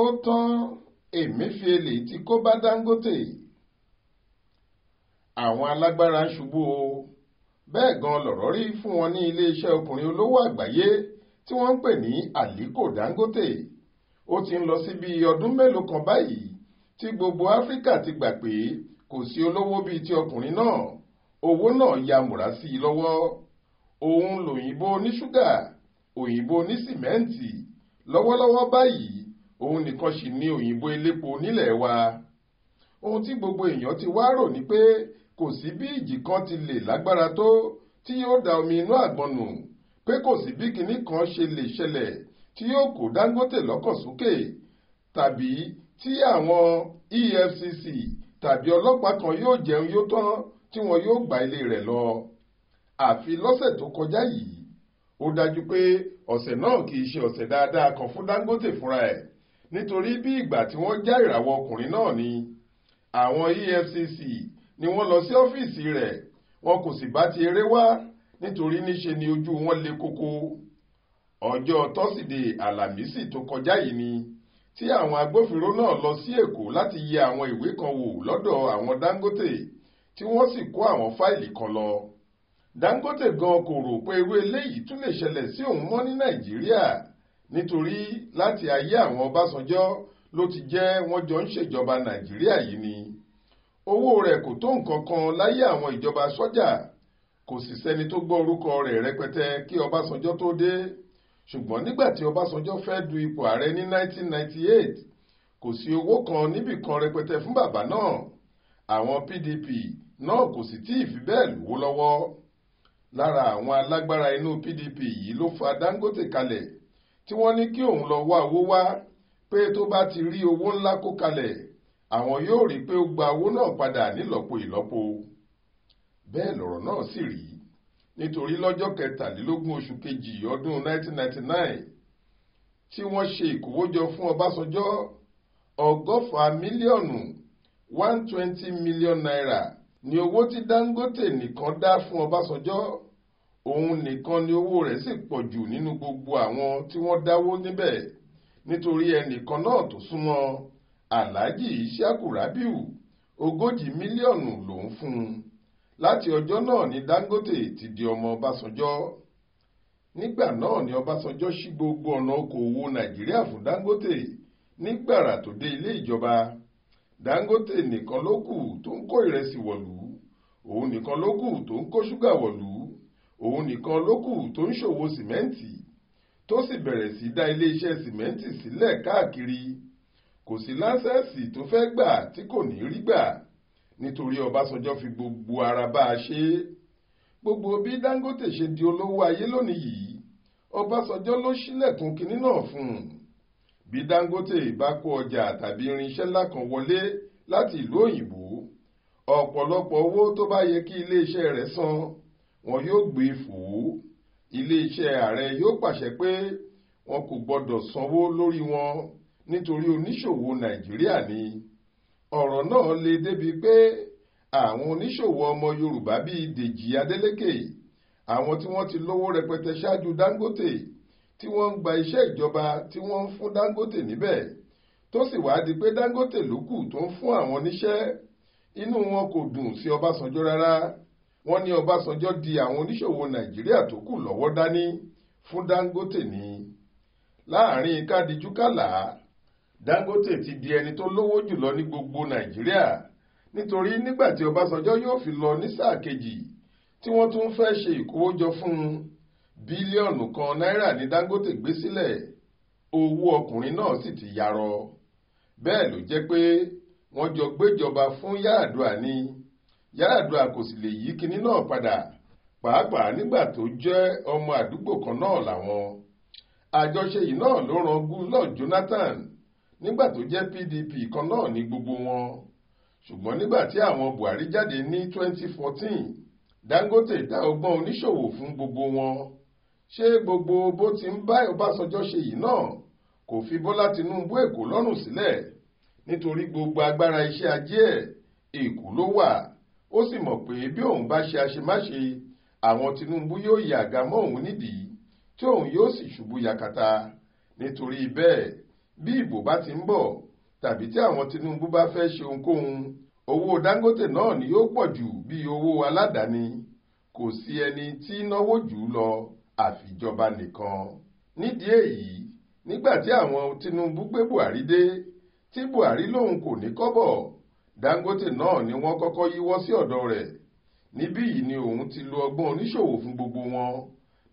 ó tán Emefiele tí kó bá Dangote àwọn alágbára ń ṣubú o bẹ́ẹ̀ gan lọ̀rọ̀ rí fún wọn ní iléeṣẹ́ obìnrin olówó àgbáyé tí wọ́n ń pè ní Aliko Dangote ó ti ń lọ sí bíi ọdún mélòó kan báyìí tí gbogbo Áfíríkà ti gbà pé kò sí olówó bíi ti ọkùnrin náà owó náà ya múra sí i lọ́wọ́ òun lòyìnbó oníṣúgà òyìnbó onísìmẹ́ǹtì lọ́wọ́lọ́wọ́ báyìí òun nìkan sì ni òyìnbó elépo nílẹ̀ wa ohun tí gbogbo èèyàn ti wá rò ni pé kò sí bí ìjì kan ti lè lágbára tó tí yóò da omi inú àgbọn nù pé kò sí bí kinní kan ṣe lè ṣẹlẹ̀ tí yóò kó Dangote lọ́kàn sókè tàbí tí àwọn EFCC tàbí ọlọ́pàá kan yóò jẹun yóò tán tí wọn yóò gba ilé rẹ̀ lọ àfi lọ́sẹ̀ tó kọjá yìí ó dájú pé ọ̀sẹ̀ náà kì í ṣe ọ̀sẹ̀ dáadáa kan fún Dangote fúnra ẹ̀ nítorí bí ìgbà tí wọ́n já ìràwọ̀ ọkùnrin náà ni àwọn EFCC ni wọ́n lọ sí ọ́fíìsì rẹ̀ wọn kò sì bá ti eré wá nítorí níṣe ni ojú wọn le koko ọjọ́ tọ́sídẹ̀ẹ́ àlàmísì tó kọjá yìí ni tí àwọn agbófinró náà lọ sí Èkó láti yẹ àwọn ìwé kan wò lọ́dọ̀ àwọn Dangote tí wọ́n sì kó àwọn fáìlì kan lọ Dangote gan kò rò pé irú eléyìí tún lè ṣẹlẹ̀ sí òun mọ́ ní Nàìjíríà nítorí láti ayé àwọn Ọbásanjọ́ ló ti jẹ́ wọ́n jọ ń ṣèjọba Nàìjíríà yìí ni owó rẹ̀ kò tó nǹkan kan láyé àwọn ìjọba sọ́jà kò sì sẹ́ni tó gbọ́ orúkọ rẹ̀ rẹpẹtẹ kí Ọbásanjọ́ tó dé ṣùgbọ́n nígbà tí Ọbásanjọ́ fẹ́ du ipò ààrẹ ní 1998 kò sí owó kan níbì kan rẹpẹtẹ fún bàbá náà àwọn PDP náà kò sì tí ì fi bẹ́ẹ̀ lówó lọ́wọ́ lára àwọn alágbára inú PDP yìí ló fa Dangote kalẹ̀ tí wọ́n ní kí òun lọ wá owó wá pé tó bá ti rí owó ńlá kó kalẹ̀ àwọn yóò rí i pé ó gba owó náà padà nílọ́po ìlọ́po bẹ́ẹ̀ lọ̀rọ̀ náà sì rí nítorí lọ́jọ́ kẹtàlélógún oṣù kejì ọdún 1999 tí wọ́n ṣe ìkówójọ fún Ọbásanjọ́ ọgọ́fà mílíọ̀nù 120 mílíọ̀n náírà ni owó tí Dangote nìkan dá fún Ọbásanjọ́ òun nìkan ni owó rẹ̀ sì pọ̀ jù nínú gbogbo àwọn tí wọ́n dáwó níbẹ̀ nítorí ẹnìkan náà tó súnmọ́ Alhaji Ishaku Rabiu ogójì mílíọ̀nù lòún fún un láti ọjọ́ náà ni Dangote ti di ọmọ Ọbásanjọ́ nígbà náà ni Ọbásanjọ́ ṣí gbogbo ọ̀nà okòòwò Nàìjíríà fún Dangote nígbàrà tó dé ilé ìjọba Dangote nìkan ló kù tó ń kó ìrẹsì wọ̀lú òun nìkan ló kù tó ń kó ṣúgà wọ̀lú òun nìkan ló kù tó ń ṣòwò sìmẹ́ǹtì tó sì bẹ̀rẹ̀ sí dá iléeṣẹ́ sìmẹ́ǹtì sílẹ̀ káàkiri kò sí láńsẹ́ẹ̀sì tó fẹ́ gbà tí kò ní rí gbà nítorí Ọbásanjọ́ fi gbogbo ara bá a ṣe gbogbo bí Dangote ṣe di olówó ayé lónìí yìí Ọbásanjọ́ ló ṣílẹ̀kùn kinní náà fún un bí Dangote bá kó ọjà tàbí irinṣẹ́ ńlá kan wọlé láti ìlú òyìnbó ọ̀pọ̀lọpọ̀ owó tó bá yẹ kí iléeṣẹ́ rẹ̀ san wọn yóò gbé fòó iléeṣẹ́ ààrẹ yóò pàṣẹ pé wọn kò gbọdọ̀ sanwó lórí wọn nítorí oníṣòwò nàìjíríà ni ọ̀rọ̀ náà le débi pé àwọn oníṣòwò ọmọ yorùbá bíi dèjì adélékè àwọn tí wọ́n ti lówó rẹpẹtẹ ṣáájú dangote tí wọ́n ń gba iṣẹ́ ìjọba tí wọ́n ń fún dangote níbẹ̀ tó sì wáá di pé dangote ló kù tó ń fún àwọn níṣẹ́ inú wọn kò dùn sí ọbásanjọ́ rárá wọ́n ní Ọbásanjọ́ di àwọn oníṣòwò Nàìjíríà tó kù lọ́wọ́ dání fún Dangote ni láàrin kádijúkàlà Dangote ti di ẹni tó lówó jùlọ ní gbogbo Nàìjíríà nítorí nígbà tí Ọbásanjọ́ yóò fi lọ ní sáà kejì tí wọ́n tún fẹ́ ṣe ìkówójọ fún un bílíọ̀nù kan náírà ni Dangote gbé sílẹ̀ owó ọkùnrin náà sì ti yarọ bẹ́ẹ̀ ló jẹ́ pé wọ́n jọ gbéjọba fún Yar'Adua ni. Yar'Adua kò sì lè yí kinní náà padà pàápàá nígbà tó jẹ́ ọmọ àdúgbò kan náà làwọn àjọṣe yìí náà ló ran Goodluck Jonathan nígbà tó jẹ́ PDP kan náà ní gbogbo wọn ṣùgbọ́n nígbà tí àwọn Buhari jáde ní 2014 Dangote dá ọgbọ́n oníṣòwò fún gbogbo wọn ṣé gbogbo bó ti ń bá Ọbásanjọ́ ṣe yìí náà kò fi Bọ́lá Tinubu Èkó lọ́rùn sílẹ̀ nítorí gbogbo agbára iṣẹ́ ajé ẹ̀ Èkó ló wà ó sì mọ̀ pé bí òun bá ṣe àṣemáṣe àwọn Tinubu yóò yà àga mọ́ òun nídìí tí òun yóò sì ṣubú yakata nítorí bẹ́ẹ̀ bí ìbò bá ti ń bọ̀ tàbí tí àwọn Tinubu bá fẹ́ ṣe ohunkóhun owó Dangote náà ni yóò pọ̀ jù bí owó aládàáni kò sí ẹni tí náwó jù lọ àfìjọba nìkan nídìí èyí nígbà tí àwọn Tinubu gbé Buhari dé tí Buhari lòun kò ní kọ́bọ̀ Dangote náà ni wọ́n kọ́kọ́ yíwọ́ sí ọ̀dọ̀ rẹ̀ níbí yìí ni òun ti lo ọgbọ́n oníṣòwò fún gbogbo wọn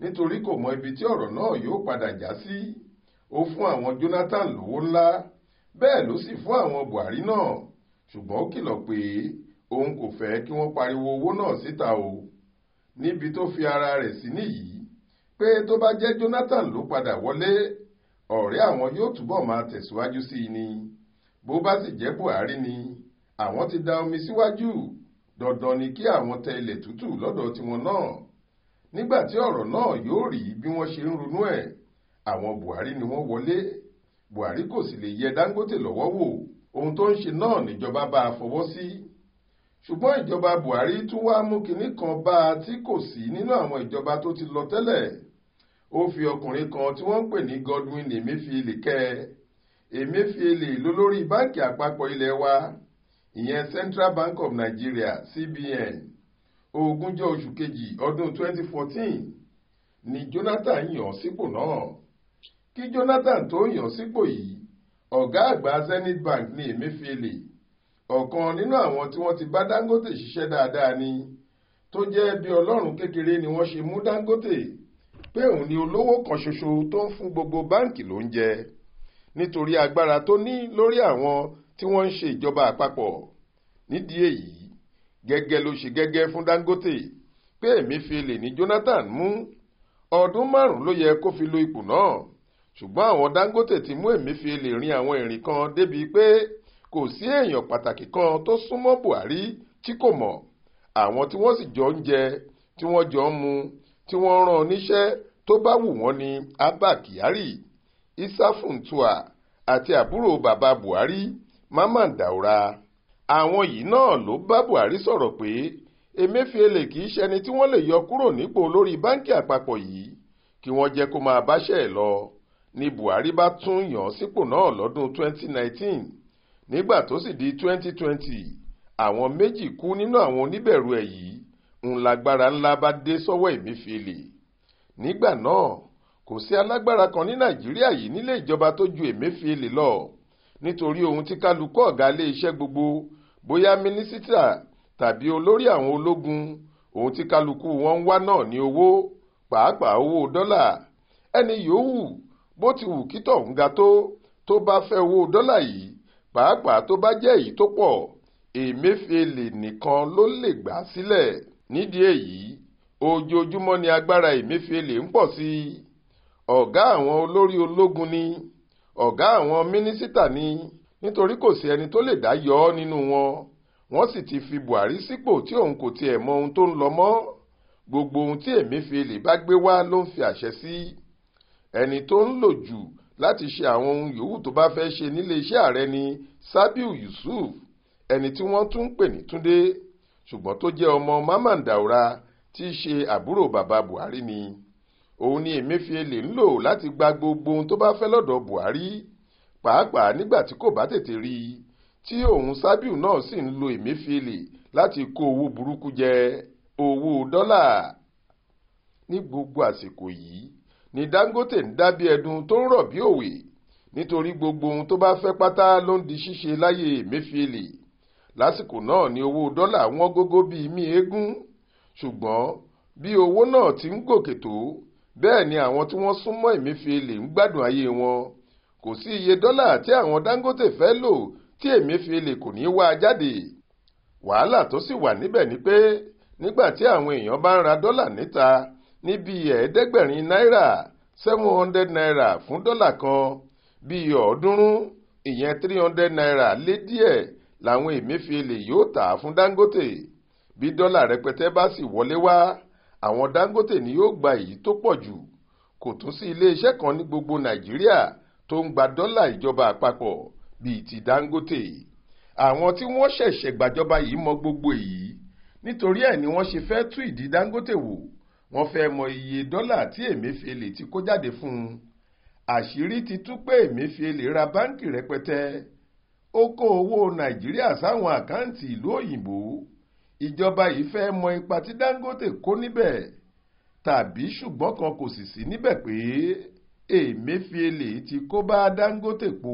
nítorí kò mọ ibi tí ọ̀rọ̀ náà yóò padà já sí ó fún àwọn Jonathan lówó ńlá bẹ́ẹ̀ ló sì fún àwọn Buhari náà ṣùgbọ́n ó kìlọ̀ pé òun kò fẹ́ kí wọ́n pariwo owó náà síta o níbi tó fi ara rẹ̀ sí nìyí pé tó bá jẹ́ Jonathan ló padà wọlé ọ̀rẹ́ àwọn yóò túbọ̀ máa tẹ̀síwájú sí i ni bó bá sì jẹ́ Buhari ni àwọn ti da omi síwájú dandan ni kí àwọn tẹ ilẹ̀ tútù lọ́dọ̀ tiwọn náà nígbà tí ọ̀rọ̀ náà yóò rí bí wọ́n ṣe ń ronú ẹ̀ àwọn Buhari ni wọ́n wọlé Buhari kò sì lè yẹ Dangote lọ́wọ́ wò ohun tó ń ṣe náà níjọba bá a fọwọ́ sí ṣùgbọ́n ìjọba Buhari tún wá mú kinní kan bá a tí kò sí nínú àwọn ìjọba tó ti lọ tẹ́lẹ̀ ó fi ọkùnrin kan tí wọ́n ń pè ní Godwin Emefiele kẹ́ Emefiele lólórí báńkì àpapọ̀ ilé wa ìyẹn Central Bank of Nigeria CBN ogúnjọ́ oṣù kejì ọdún 2014 ni Jonathan yàn sípò náà kí Jonathan tó yàn sípò yìí ọ̀gá àgbà Zenith Bank ní Emefiele ọ̀kan nínú àwọn tí wọ́n ti bá Dangote ṣiṣẹ́ dáadáa ni tó jẹ́ bí ọlọ́run kékeré ni wọ́n ṣe mú Dangote pé òun ni olówó kan ṣoṣo tó ń fún gbogbo báǹkì ló ń jẹ nítorí agbára tó ní lórí àwọn tí wọ́n ń ṣe ìjọba àpapọ̀ nídìí èyí gẹ́gẹ́ ló ṣe gẹ́gẹ́ fún Dangote pé Emefiele ní Jonathan mú ọdún márùn-ún ló yẹ kó fi lo ipò náà ṣùgbọ́n àwọn Dangote ti mú Emefiele rin àwọn ìrìn kan débi pé kò sí èèyàn pàtàkì kan tó súnmọ́ Buhari tí kò mọ̀ àwọn tí wọ́n sì jọ ń jẹ tí wọ́n jọ ń mu tí wọ́n rán oníṣẹ́ tó bá wù wọ́n ni Abba Kyari Issa Funtua àti àbúrò bàbá Buhari mamman daura àwọn yìí náà ló bá buhari sọ̀rọ̀ pé emefiele kì í ṣẹni tí wọ́n lè yọ kúrò nípò olórí báńkì àpapọ̀ yìí kí wọ́n jẹ́ kó máa báṣẹ́ ẹ̀ lọ ni buhari bá tún yàn sípò náà lọ́dún 2019 nígbà tó sì di 2020 àwọn méjì kú nínú àwọn oníbẹ̀rù ẹ̀ yìí ńlágbára ńlá bá dé sọ́wọ́ emefiele nígbà náà kò sí alágbára kan ní nàìjíríà yìí nílé ìjọba tó ju emefiele lọ nítorí ohun tí kálukú ọ̀gá iléeṣẹ́ gbogbo bóyá mínísítà tàbí olórí àwọn ológun ohun tí kálukú wọn ń wá náà ní owó pàápàá owó dọ́là ẹni yòówù bó ti wù kí tọ̀hún ga tó tó bá fẹ́ owó dọ́là yìí pàápàá tó bá jẹ́ èyí tó pọ̀ èméfèlè nìkan ló lè gbà sílẹ̀ nídìí èyí ojoojúmọ́ ni agbára èméfèlè ń pọ̀ sí ọ̀gá àwọn olórí ológun ni ọ̀gá àwọn mínísítà ni nítorí kò sí ẹni tó lè dá yọ ọ́ nínú wọn wọ́n sì ti fi Buhari sípò tí òun kò tiẹ̀ mọ ohun tó ń lọ mọ́ gbogbo ohun tí Emefiele bá gbé wá ló ń fi àṣẹ sí ẹni tó ń lò jù láti ṣe àwọn ohun yòówù tó bá fẹ́ ṣe nílé ààrẹ ni Sabiu Yusuf ẹni tí wọ́n tún ń pè ní Túndé ṣùgbọ́n tó jẹ́ ọmọ Mamman Daura tí í ṣe àbúrò bàbá Buhari ni òun ni Emefiele ń lò láti gba gbogbo ohun tó bá fẹ́ lọ́dọ̀ Buhari pàápàá nígbà tí kò bá tètè rí i tí òun Sabiu náà sì ń lo Emefiele láti kó owó burúkú jẹ owó dọ́là ní gbogbo àsìkò yìí ni Dangote ń dábí ẹdun tó ń rọ̀ bí òwe nítorí gbogbo ohun tó bá fẹ́ pátá ló ń di ṣíṣe láyé Emefiele lásìkò náà ni owó dọ́là wọ́n gógó bíi mí eégún ṣùgbọ́n bí owó náà ti ń gòkè tó bẹ́ẹ̀ ni àwọn tí wọ́n súnmọ́ Emefiele ń gbádùn ayé wọn kò sí iye dọ́là tí àwọn Dangote fẹ́ lò tí Emefiele kò ní í wá jáde wàhálà tó sì wà níbẹ̀ ni pé nígbà tí àwọn èèyàn bá ń ra dọ́là níta ní bíi ẹ̀ẹ́dẹ́gbẹ̀rin náírà seven hundred naira fún dọ́là kan bíi ọ̀ọ́dúnrún ìyẹn three hundred naira lé díẹ̀ làwọn Emefiele yóò tà á fún Dangote bí dọ́là rẹpẹtẹ bá sì wọlé wá àwọn Dangote ni yóò gba èyí tó pọ̀ jù kò tún sí iléeṣẹ́ kan ní gbogbo Nàìjíríà tó ń gba dọ́là ìjọba àpapọ̀ bíi ti Dangote àwọn tí wọ́n ṣẹ̀ṣẹ̀ gbàjọba yìí mọ gbogbo èyí nítorí ẹ̀ ni wọ́n ṣe fẹ́ tú ìdí Dangote wò wọ́n fẹ́ mọ iye dọ́là tí Emefiele ti kó jáde fún un àṣírí ti tú pé Emefiele ra báńkì rẹpẹtẹ ó kó owó Nàìjíríà sáwọn àkáǹtì ìlú òyìnbó ìjọba yìí fẹ́ mọ ipa tí Dangote kó níbẹ̀ tàbí ṣùgbọ́n kan kò sì sí níbẹ̀ pé Emefiele ti kó bá Dangote po.